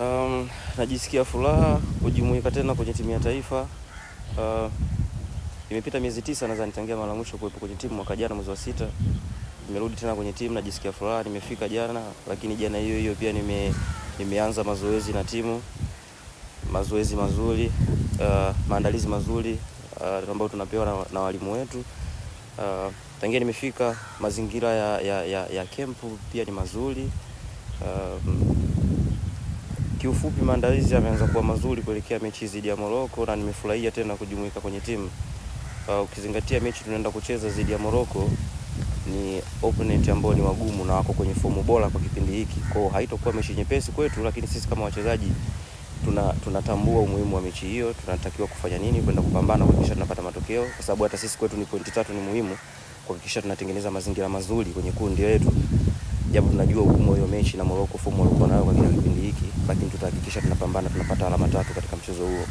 Um, najisikia furaha kujumuika tena kwenye timu ya taifa. Uh, imepita miezi tisa nadhani tangia mara mwisho kuwepo kwenye timu mwaka jana mwezi wa sita. Nimerudi tena kwenye timu, najisikia furaha. Nimefika jana, lakini jana hiyo hiyo pia nime, nimeanza mazoezi na timu, mazoezi mazuri uh, maandalizi mazuri uh, ambayo tunapewa na, na walimu wetu uh, tangia nimefika mazingira ya, ya, ya, ya kempu pia ni mazuri uh, Kiufupi, maandalizi yameanza kuwa mazuri kuelekea mechi dhidi ya Morocco na nimefurahia tena kujumuika kwenye timu. Uh, ukizingatia mechi tunaenda kucheza dhidi ya Morocco ni opponent ambao ni wagumu na wako kwenye fomu bora kwa kipindi hiki. Kwa hiyo haitakuwa mechi nyepesi kwetu, lakini sisi kama wachezaji tuna tunatambua umuhimu wa mechi hiyo, tunatakiwa kufanya nini kwenda kupambana kuhakikisha tunapata matokeo, kwa sababu hata sisi kwetu ni pointi tatu ni muhimu kuhakikisha tunatengeneza mazingira mazuri kwenye kundi letu japo tunajua ugumu hiyo mechi na Morocco, fomu walikuwa nayo kwa kipindi hiki, lakini tutahakikisha tunapambana tunapata alama tatu katika mchezo huo.